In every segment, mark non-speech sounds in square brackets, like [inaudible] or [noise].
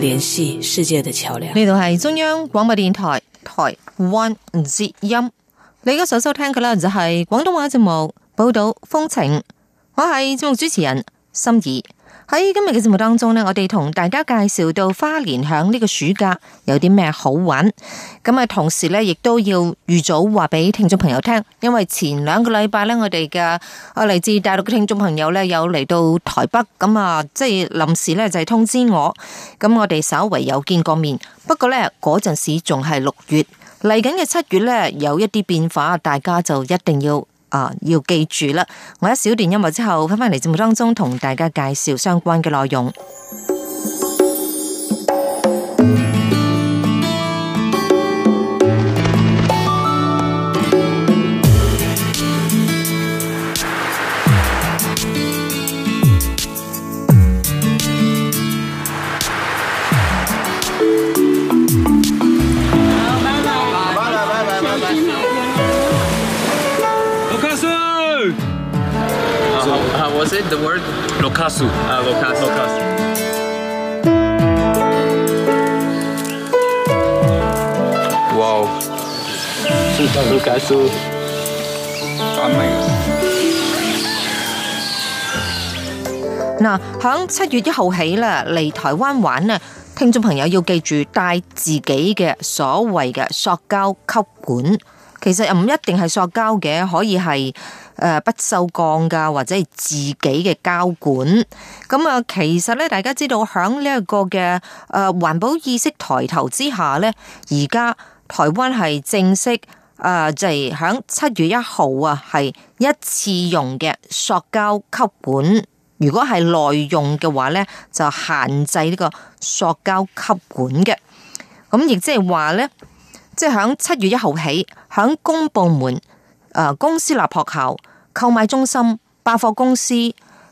聯繫世界的橋樑。呢度係中央廣播電台台灣之音，你而家所收聽嘅啦就係廣東話節目《報道風情》，我係節目主持人心儀。喺今日嘅節目當中呢，我哋同大家介紹到花蓮響呢個暑假有啲咩好玩。咁啊，同時呢，亦都要預早話俾聽眾朋友聽，因為前兩個禮拜呢，我哋嘅啊嚟自大陸嘅聽眾朋友呢，有嚟到台北，咁啊，即係臨時呢，就係通知我。咁我哋稍為有見過面，不過呢，嗰陣時仲係六月，嚟緊嘅七月呢，有一啲變化，大家就一定要。啊，要記住啦！我一小段音樂之後，翻返嚟節目當中，同大家介紹相關嘅內容。.嗱，響七月一號起啦，嚟台灣玩呢，聽眾朋友要記住帶自己嘅所謂嘅塑膠吸管，其實又唔一定係塑膠嘅，可以係誒不鏽鋼噶，或者係自己嘅膠管。咁啊，其實咧，大家知道響呢一個嘅誒環保意識抬頭之下咧，而家台灣係正式。誒就係喺七月一號啊，係一次用嘅塑膠吸管。如果係內用嘅話呢，就限制呢個塑膠吸管嘅。咁亦即係話呢，即係喺七月一號起，喺公部門、公私立學校、購買中心、百貨公司、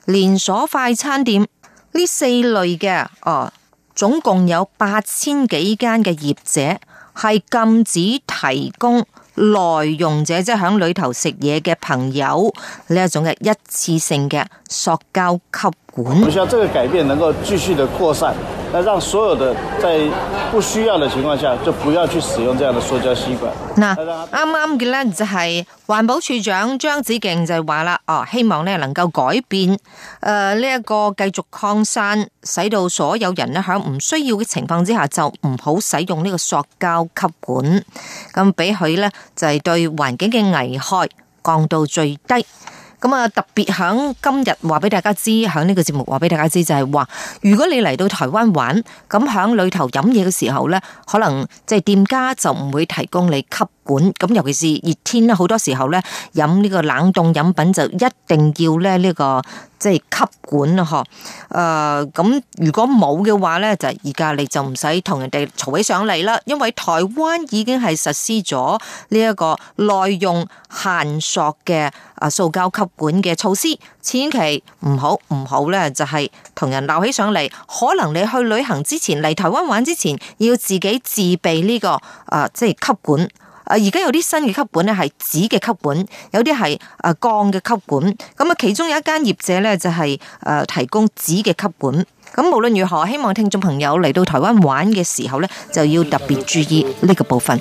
連鎖快餐店呢四類嘅哦，總共有八千幾間嘅業者係禁止提供。內用者即係響裏頭食嘢嘅朋友呢，一種嘅一次性嘅塑膠吸管。我希望呢個改變能夠繼續地擴散。讓所有的在不需要的情況下就不要去使用這樣的塑膠吸管。啱啱嘅呢，剛剛就係環保署長張子敬就話啦，哦，希望呢能夠改變，誒呢一個繼續擴散，使到所有人咧喺唔需要嘅情況之下就唔好使用呢個塑膠吸管，咁俾佢呢，就係、是、對環境嘅危害降到最低。咁啊！特別響今日話俾大家知，響呢個節目話俾大家知，就係話如果你嚟到台灣玩，咁響裏頭飲嘢嘅時候咧，可能即係店家就唔會提供你吸管咁，尤其是熱天咧，好多時候咧，飲呢個冷凍飲品就一定要咧、這、呢個即係、就是、吸管咯，嗬？誒咁，如果冇嘅話咧，就而家你就唔使同人哋嘈起上嚟啦。因為台灣已經係實施咗呢一個內用限塑嘅啊塑膠吸管嘅措施，千祈唔好唔好咧，就係同人鬧起上嚟。可能你去旅行之前嚟台灣玩之前，要自己自備呢、這個啊，即、就、係、是、吸管。啊！而家有啲新嘅吸管咧，係紙嘅吸管，有啲係啊鋼嘅吸管。咁啊，其中有一間業者咧，就係誒提供紙嘅吸管。咁無論如何，希望聽眾朋友嚟到台灣玩嘅時候咧，就要特別注意呢個部分。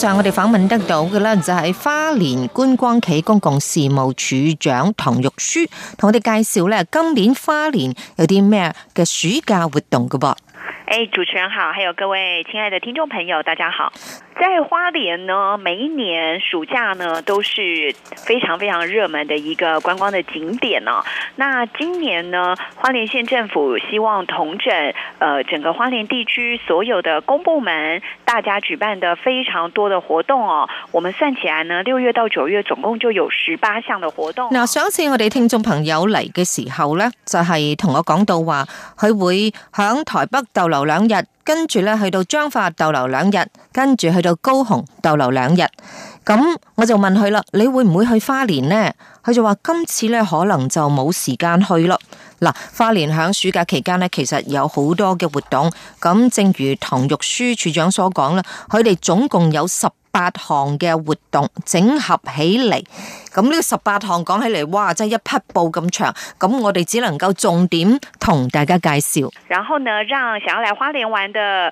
上我哋訪問得到嘅咧，就係花蓮觀光企公共事務處長唐玉書，同我哋介紹咧今年花蓮有啲咩嘅暑假活動㗎噃。誒、哎，主持人好，還有各位親愛的聽眾朋友，大家好。在花蓮呢，每一年暑假呢，都是非常非常熱門的一個觀光的景點哦、啊。那今年呢，花蓮縣政府希望統整，呃整個花蓮地區所有的公部門，大家舉辦的非常多的活動哦、啊。我們算起來呢，六月到九月總共就有十八項的活動、啊。那上次我哋聽眾朋友嚟嘅時候呢，就係、是、同我講到話，佢會響台北逗留。逗留兩日，跟住咧去到彰化逗留兩日，跟住去到高雄逗留兩日。咁我就問佢啦：「你會唔會去花蓮呢？」佢就話今次咧可能就冇時間去咯。嗱、啊，花蓮喺暑假期間咧，其實有好多嘅活動。咁正如唐玉書處長所講啦，佢哋總共有十八項嘅活動整合起嚟。咁呢個十八項講起嚟，哇，真係一匹布咁長。咁我哋只能夠重點同大家介紹。然後呢，讓想要嚟花蓮玩嘅，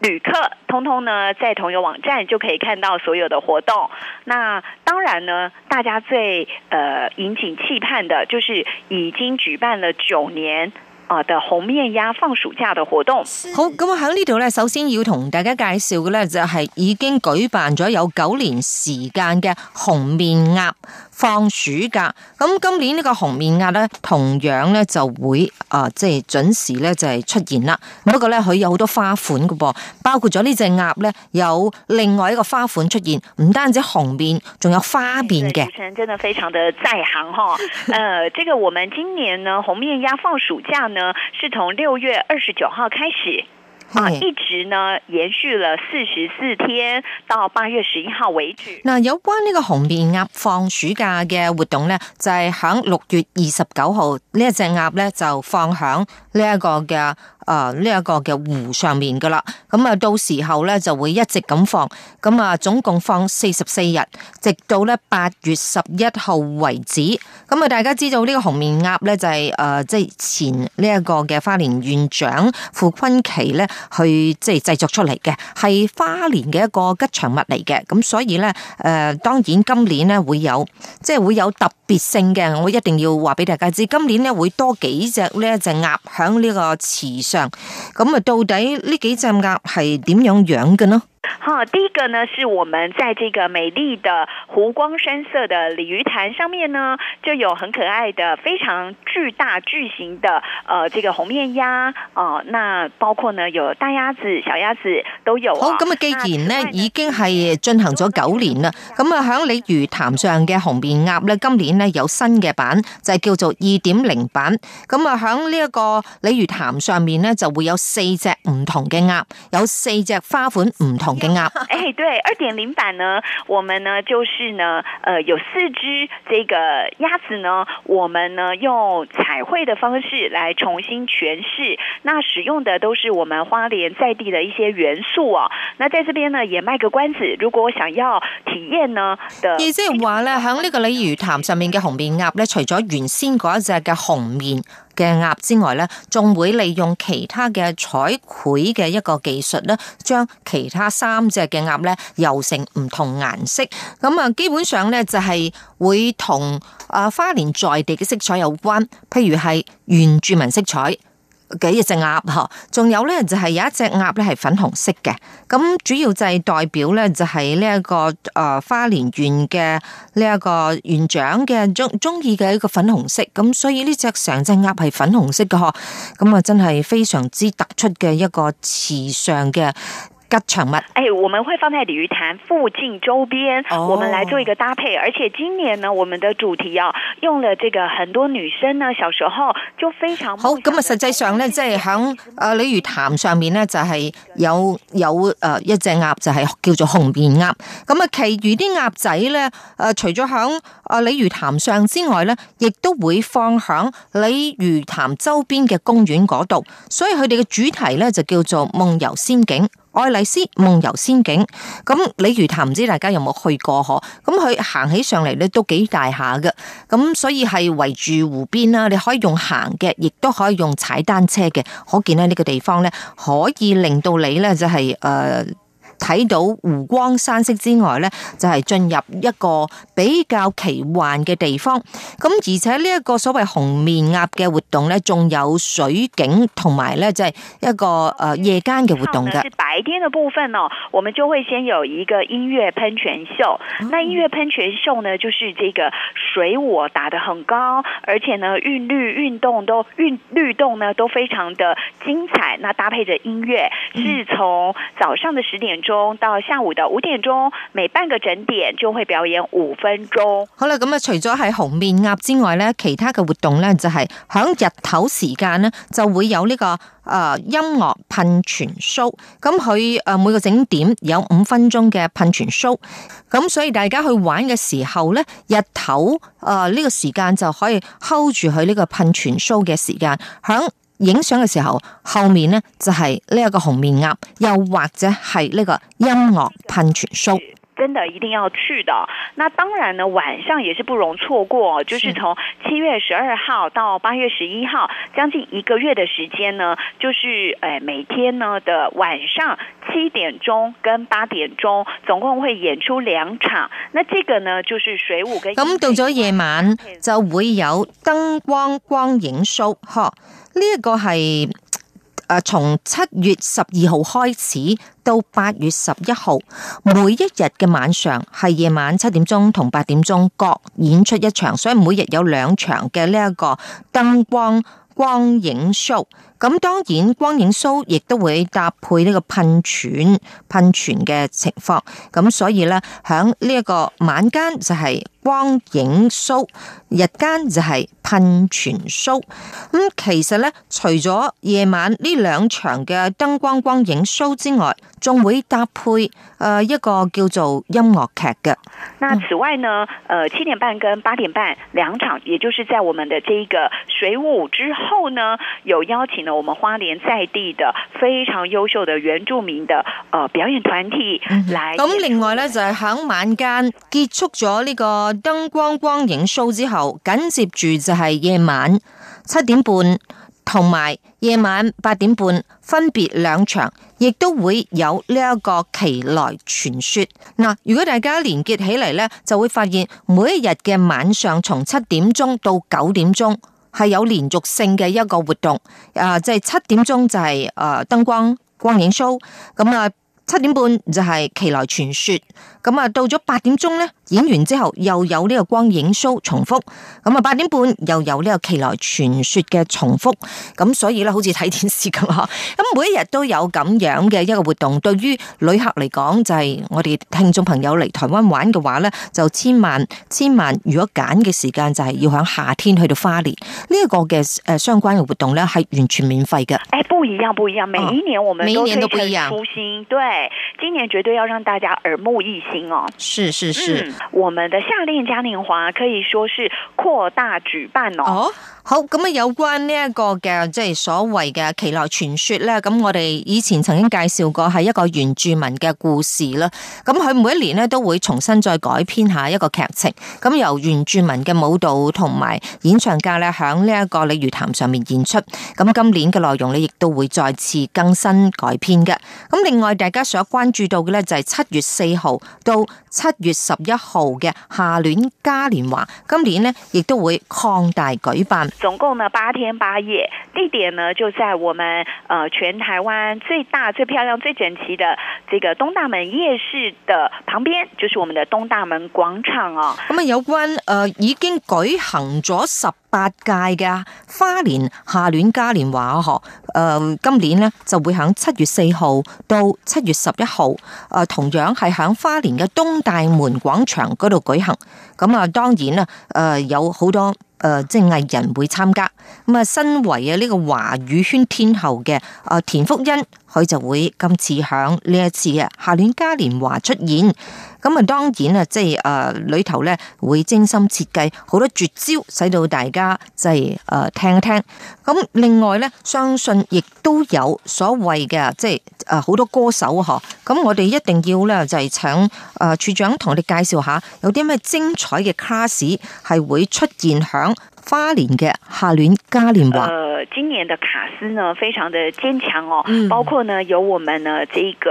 旅客通通呢，在同一個網站就可以看到所有的活動。那當然呢，大家最呃引頸期盼的，就是已經舉辦了九年啊的紅面鴨放暑假的活動。是好，咁我喺呢度呢，首先要同大家介紹嘅呢，就係已經舉辦咗有九年時間嘅紅面鴨放暑假，咁今年呢個紅面鴨咧，同樣咧就會啊，即係準時咧就係出現啦。不過咧，佢有好多花款㗎噃，包括咗呢隻鴨咧，有另外一個花款出現，唔單止紅面，仲有花面嘅。主持人真的非常的在行哈，誒，這個我們今年呢紅面鴨放暑假呢，是從六月二十九號開始。啊！Hey, 一直呢，延續了四十四天到八月十一號為止。嗱，有關呢個紅面鴨放暑假嘅活動呢，就係喺六月二十九號，呢一隻鴨呢就放響呢一個嘅。誒，呢一個嘅湖上面噶啦，咁啊，到時候咧就會一直咁放，咁啊，總共放四十四日，直到咧八月十一號為止。咁啊，大家知道呢個紅面鴨咧就係誒，即係前呢一個嘅花蓮縣長傅崐萁咧去即係製作出嚟嘅，係花蓮嘅一個吉祥物嚟嘅。咁所以咧，誒、呃，當然今年咧會有，即係會有特別性嘅，我一定要話畀大家知，今年咧會多幾隻呢一隻鴨響呢個池上。咁啊，到底呢幾隻鴨係點樣養嘅呢？好，第一個呢，是我們在這個美麗的湖光山色的鯉魚潭上面呢，就有很可愛的非常巨大巨型的，呃，這個紅面鴨，哦、呃，那包括呢有大鴨子、小鴨子都有啊。好，咁啊，既然呢已經係進行咗九年啦，咁啊響鯉魚潭上嘅紅面鴨咧，今年咧有新嘅版，就係叫做二點零版。咁啊響呢一個鯉魚潭上面咧，就會有四隻唔同嘅鴨，有四隻花款唔同。公的 [laughs] 、欸、對，二點零版呢，我們呢就是呢，呃，有四隻這個鴨子呢，我們呢用彩繪的方式來重新詮釋，那使用的都是我們花蓮在地的一些元素啊。那在這邊呢也賣個關子，如果想要體驗呢的呢，亦即係話咧，響呢個鯉魚潭上面嘅紅面鴨咧，除咗原先嗰一隻嘅紅面嘅鴨之外咧，仲會利用其他嘅彩繪嘅一個技術咧，將其他三隻嘅鴨咧油成唔同顏色。咁啊，基本上咧就係會同啊花蓮在地嘅色彩有關，譬如係原住民色彩。幾隻鴨仲有呢，就係、是、有一隻鴨咧係粉紅色嘅，咁主要就係代表呢，就係呢一個誒花蓮縣嘅呢一個縣長嘅中中意嘅一個粉紅色，咁所以呢隻成隻鴨係粉紅色嘅嗬，咁啊真係非常之突出嘅一個時尚嘅。吉祥物，誒、哎，我們會放在鯉魚潭附近周邊，哦、我們來做一個搭配。而且今年呢，我們的主題啊，用了這個很多女生呢，小時候就非常好。咁啊，實際上呢，即係響誒鯉魚潭上面呢，就係、是、有有誒一隻鴨，就係叫做紅面鴨。咁啊，其餘啲鴨仔呢，誒，除咗響誒鯉魚潭上之外呢，亦都會放響鯉魚潭周邊嘅公園嗰度，所以佢哋嘅主題呢，就叫做夢遊仙境。愛麗絲夢遊仙境，咁鯉魚潭唔知大家有冇去過呵？咁佢行起上嚟咧，都幾大下嘅，咁所以係圍住湖邊啦，你可以用行嘅，亦都可以用踩單車嘅。可見呢個地方咧可以令到你咧，就係、是、誒。呃睇到湖光山色之外咧，就係、是、進入一個比較奇幻嘅地方。咁而且呢一個所謂紅面鴨嘅活動咧，仲有水景同埋咧就係一個誒夜間嘅活動嘅。白天嘅部分哦，我們就會先有一個音樂噴泉秀。那音樂噴泉秀呢，就是這個水我打得很高，而且呢韻律運動都韻律動呢都非常的精彩。那搭配着音樂，是從早上的十點。中到下午的五點鐘，每半個整點就會表演五分鐘。好啦，咁啊，除咗係紅面鴨之外咧，其他嘅活動咧就係、是、響日頭時間咧就會有呢、這個誒、呃、音樂噴泉 show。咁佢誒每個整點有五分鐘嘅噴泉 show。咁所以大家去玩嘅時候咧，日頭誒呢、呃這個時間就可以 hold 住佢呢個噴泉 show 嘅時間響影相嘅時候，後面咧就係呢一個紅面鴨，又或者係呢個音樂噴泉 show，真的一定要去的。那當然呢，晚上也是不容錯過。就是從七月十二號到八月十一號，將近一個月的時間呢，就是誒每天呢的晚上七點鐘跟八點鐘，總共會演出兩場。那這個呢，就是水舞跟。咁到咗夜晚就會有燈光光影 show，呵，呢一個係。誒，從七月十二號開始到八月十一號，每一日嘅晚上係夜晚七點鐘同八點鐘各演出一場，所以每日有兩場嘅呢一個燈光光影 show。咁當然光影 show 亦都會搭配呢個噴泉噴泉嘅情況，咁所以咧響呢一個晚間就係光影 show，日間就係噴泉 show。咁、嗯、其實咧除咗夜晚呢兩場嘅燈光光影 show 之外，仲會搭配誒、呃、一個叫做音樂劇嘅。那此外呢，誒、呃、七點半跟八點半兩場，也就是在我們的這一個水舞之後呢，有邀請。我們花蓮在地的非常優秀的原住民的表演團體來、嗯。咁另外呢就係、是、響晚間結束咗呢個燈光光影 show 之後，緊接住就係夜晚七點半同埋夜晚八點半分別兩場，亦都會有呢一個奇來傳說。嗱，如果大家連結起嚟呢，就會發現每一日嘅晚上從七點鐘到九點鐘。係有連續性嘅一個活動，啊，即係七點鐘就係誒燈光光影 show，咁啊七點半就係奇來傳說，咁啊到咗八點鐘咧。演完之後又有呢個光影 show 重複，咁啊八點半又有呢個奇來傳說嘅重複，咁所以咧好似睇電視咁嗬，咁每一日都有咁樣嘅一個活動。對於旅客嚟講，就係我哋聽眾朋友嚟台灣玩嘅話咧，就千萬千萬如果揀嘅時間就係要喺夏天去到花蓮呢一個嘅誒相關嘅活動咧係完全免費嘅。誒、哎，不一樣，不一樣，每一年我們都，、啊、每一年都不一樣，對，今年絕對要讓大家耳目一新哦。是是是。嗯我們的夏戀嘉年華可以說是擴大舉辦哦，哦。好咁啊！有關呢、這、一個嘅即係所謂嘅奇萊傳說咧，咁我哋以前曾經介紹過係一個原住民嘅故事啦。咁佢每一年呢都會重新再改編下一個劇情，咁由原住民嘅舞蹈同埋演唱家咧響呢一個鯉魚潭上面演出。咁今年嘅內容呢亦都會再次更新改編嘅。咁另外大家所關注到嘅咧就係七月四號到七月十一號嘅夏戀嘉年華，今年呢亦都會擴大舉辦。總共呢八天八夜，地點呢就在我們呃全台灣最大、最漂亮、最整齊的這個東大門夜市的旁邊，就是我們的東大門廣場啊。咁啊，嗯，有關呃已經舉行咗十。八屆嘅花蓮夏戀嘉年華嗬，誒，今年呢就會喺七月四號到七月十一號，誒，同樣係喺花蓮嘅東大門廣場嗰度舉行。咁啊，當然啦，誒，有好多誒，即係藝人會參加。咁啊，身為啊呢個華語圈天后嘅田馥甄，佢就會今次響呢一次嘅夏戀嘉年華出現。咁啊，當然啊，即係誒裏頭咧會精心設計好多絕招，使到大家即係誒聽一聽。咁另外咧，相信亦都有所謂嘅即係誒好多歌手嗬。咁我哋一定要咧就係、是、請誒、呃、處長同我哋介紹下，有啲咩精彩嘅卡士係會出現響。花蓮嘅夏戀嘉年華，呃，今年的卡司呢，非常的堅強哦，嗯、包括呢有我們呢這個誒、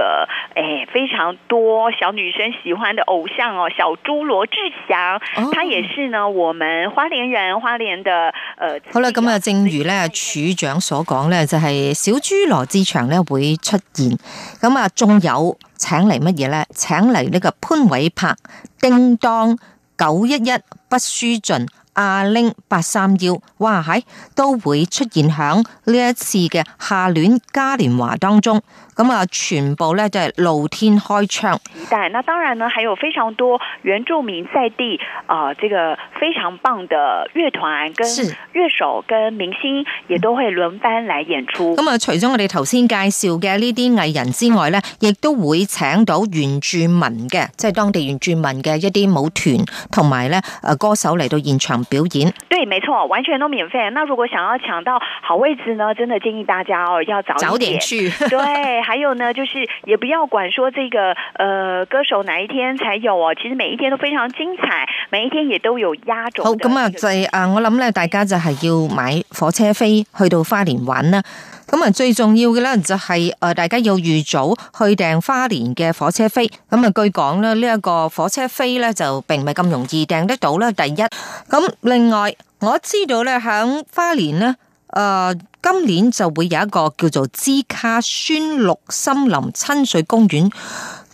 哎、非常多小女生喜歡的偶像哦，小豬羅志祥，哦、他也是呢我們花蓮人，花蓮的，誒、呃，好啦，咁、嗯、啊，嗯、正如呢處長所講呢，就係、是、小豬羅志祥呢會出現，咁啊，仲有請嚟乜嘢呢？請嚟呢個潘瑋柏，叮當九一一不輸盡。阿玲八三幺，哇係都會出現響呢一次嘅夏戀嘉年華當中。咁啊，全部咧就係露天開唱。是但，那當然呢，還有非常多原住民在地，啊、呃，這個非常棒的樂團跟樂手跟明星也都會輪班來演出。咁啊，是，除咗我哋頭先介紹嘅呢啲藝人之外咧，亦都會請到原住民嘅，即、就、係、是、當地原住民嘅一啲舞團同埋咧，誒歌手嚟到現場。表演對，沒錯，完全都免費。那如果想要搶到好位置呢？真的建議大家哦，要早一點，早點去。 [laughs] 對，還有呢，就是也不要管說這個，呃，歌手哪一天才有哦，其實每一天都非常精彩。每一天亦都有壓軸。好，咁啊，就係啊，我諗咧，大家就係要買火車飛去到花蓮玩啦。咁啊，最重要嘅咧，就係啊，大家要預早去訂花蓮嘅火車飛。咁啊，據講咧，呢一個火車飛咧就並唔係咁容易訂得到啦。第一，咁另外我知道咧，響花蓮咧，誒，今年就會有一個叫做知卡宣綠森林親水公園。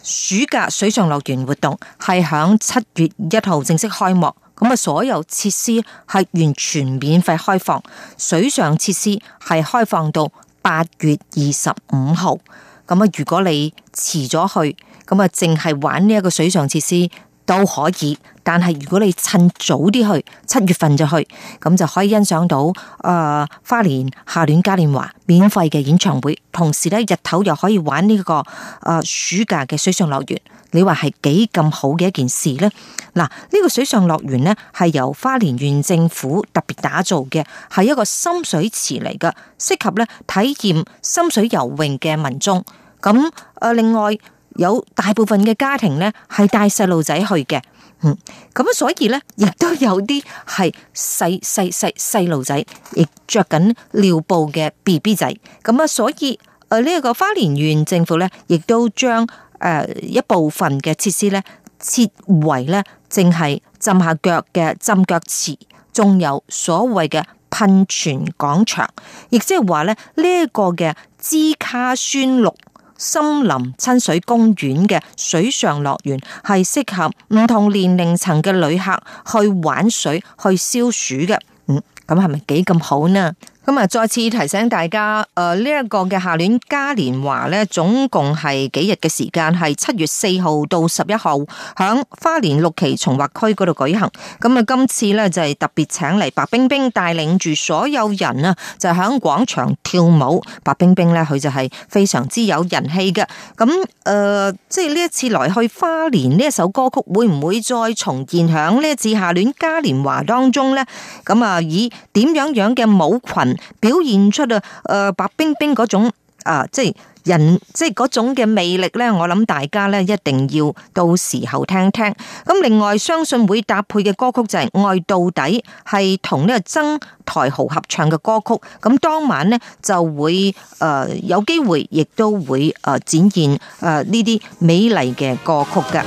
暑假水上樂園活動係響七月一號正式開幕，咁啊所有設施係完全免費開放，水上設施係開放到八月二十五號。咁啊，如果你遲咗去，咁啊淨係玩呢一個水上設施。都可以，但係如果你趁早啲去，七月份就去，咁就可以欣賞到誒、呃、花蓮夏戀嘉年華免費嘅演唱會，同時咧日頭又可以玩呢、這個誒、呃、暑假嘅水上樂園。你話係幾咁好嘅一件事咧？嗱，呢、這個水上樂園咧係由花蓮縣政府特別打造嘅，係一個深水池嚟嘅，適合咧體驗深水游泳嘅民眾。咁誒、呃，另外。有大部分嘅家庭咧，係帶細路仔去嘅，嗯，咁啊、嗯，所以咧，亦都有啲係細細細細路仔，亦着緊尿布嘅 B B 仔，咁啊，所以誒呢一個花蓮縣政府咧，亦都將誒、呃、一部分嘅設施咧設為咧，淨係浸下腳嘅浸腳池，仲有所謂嘅噴泉廣場，亦即係話咧呢一、這個嘅支卡宣綠。森林親水公園嘅水上樂園係適合唔同年齡層嘅旅客去玩水、去消暑嘅。嗯，咁係咪幾咁好呢？咁啊！再次提醒大家，誒、呃，呢、這、一個嘅夏戀嘉年華咧，總共係幾的是日嘅時間？係七月四號到十一號，響花蓮六期重劃區度舉行。咁啊，今次咧就係、是、特別請嚟白冰冰帶領住所有人啊，就響廣場跳舞。白冰冰咧，佢就係非常之有人氣嘅。咁誒，即係呢一次來去花蓮呢一首歌曲會唔會再重現響呢一次夏戀嘉年華當中咧？咁啊，以點樣樣嘅舞群。表現出啊，誒、呃，白冰冰嗰種啊、呃，即係人，即係嗰種嘅魅力呢，我諗大家咧一定要到時候聽聽。咁另外，相信會搭配嘅歌曲就係、是《愛到底》，係同呢個曾台豪合唱嘅歌曲。咁當晚呢，就會誒、呃、有機會，亦都會誒展現誒呢啲美麗嘅歌曲嘅。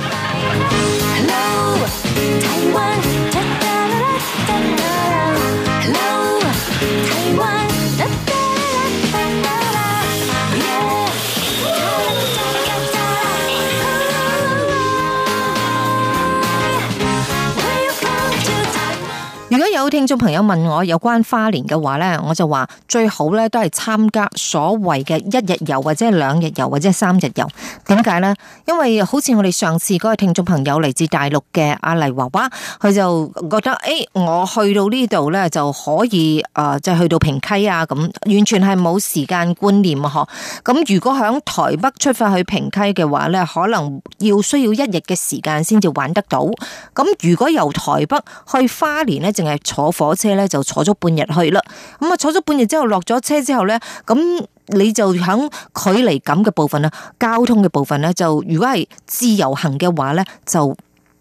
有聽眾朋友問我有關花蓮嘅話呢，我就話最好呢都係參加所謂嘅一日遊或者兩日遊或者三日遊。點解呢？因為好似我哋上次嗰個聽眾朋友嚟自大陸嘅阿黎娃娃，佢就覺得誒、欸，我去到呢度呢，就可以誒，即、呃、係去到平溪啊，咁完全係冇時間觀念嗬、啊。咁如果響台北出發去平溪嘅話呢，可能要需要一日嘅時間先至玩得到。咁如果由台北去花蓮呢，淨係。坐火車咧就坐咗半日去啦，咁啊坐咗半日之後落咗車之後咧，咁你就喺距離咁嘅部分啦，交通嘅部分咧就如果係自由行嘅話咧，就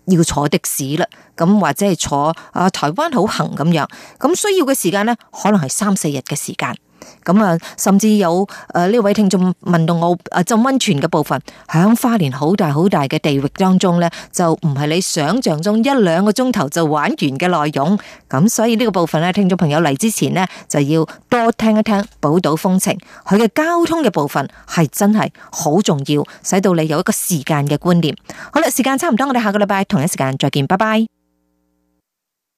要坐的士啦，咁或者係坐啊台灣好行咁樣，咁需要嘅時間咧可能係三四日嘅時間。咁啊，甚至有誒呢位聽眾問到我誒浸温泉嘅部分，響花蓮好大好大嘅地域當中咧，就唔係你想象中一兩個鐘頭就玩完嘅內容。咁所以呢個部分咧，聽眾朋友嚟之前咧，就要多聽一聽寶島風情，佢嘅交通嘅部分係真係好重要，使到你有一個時間嘅觀念。好啦，時間差唔多，我哋下個禮拜同一時間再見，拜拜。